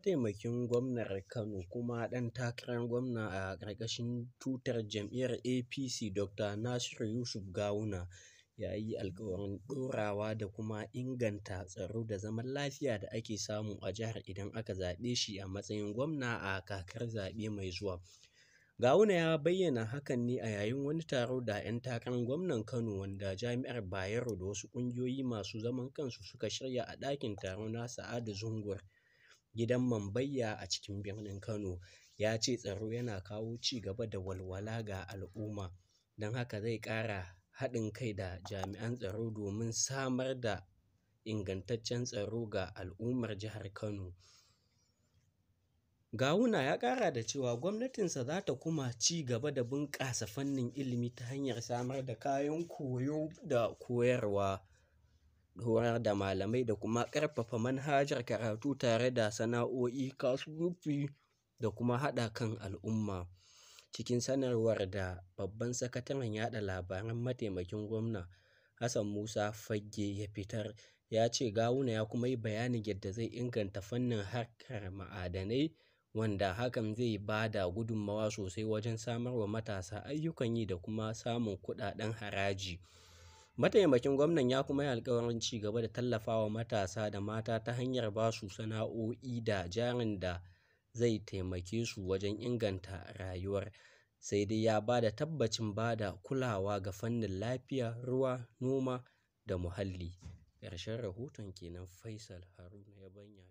Mataimakin gwamnar Kano kuma ɗan takarar gwamna a ƙarƙashin tutar jam'iyyar APC Dr. Nasiru Yusuf Gawuna ya yi alkawarin ɗorawa da kuma inganta tsaro da zaman lafiya da ake samu a jihar idan aka zaɓe shi a matsayin gwamna a kakar zaɓe mai zuwa. Gawuna ya bayyana hakan ne a yayin wani taro da 'yan takarar gwamnan Kano wanda Jami'ar Bayero da wasu ƙungiyoyi masu zaman kansu suka shirya a ɗakin taro na Sa'adu Zungur. gidan Mambayya a cikin birnin Kano. Ya ce tsaro yana kawo ci gaba da walwala ga al'umma, don haka zai ƙara haɗin kai da jami'an tsaro domin samar da ingantaccen tsaro ga al'ummar jihar Kano. Gawuna ya ƙara da cewa gwamnatinsa za ta kuma ci gaba da bunƙasa fannin ilimi ta hanyar samar da kayan koyo da koyarwa. horar da malamai da kuma ƙarfafa manhajar karatu tare da sana'o'i kasuwanci da kuma haɗa kan al'umma cikin sanarwar da babban sakataren yaɗa labaran mataimakin gwamna hassan musa fagge ya fitar ya ce gawuna ya kuma yi bayanin yadda zai inganta fannin harkar ma'adanai wanda hakan zai ba da gudunmawa sosai wajen samar wa matasa ayyukan yi da kuma samun kuɗaɗen haraji Mataimakin gwamnan ya kuma yi alkawarin ci gaba da tallafawa matasa da mata ta hanyar ba su sana'o'i da jarin da zai taimake su wajen inganta rayuwar, sai dai ya ba da tabbacin ba da kulawa ga fannin lafiya, ruwa, noma da muhalli. Ƙarshen rahoton kenan Faisal Haruna ya bayyana.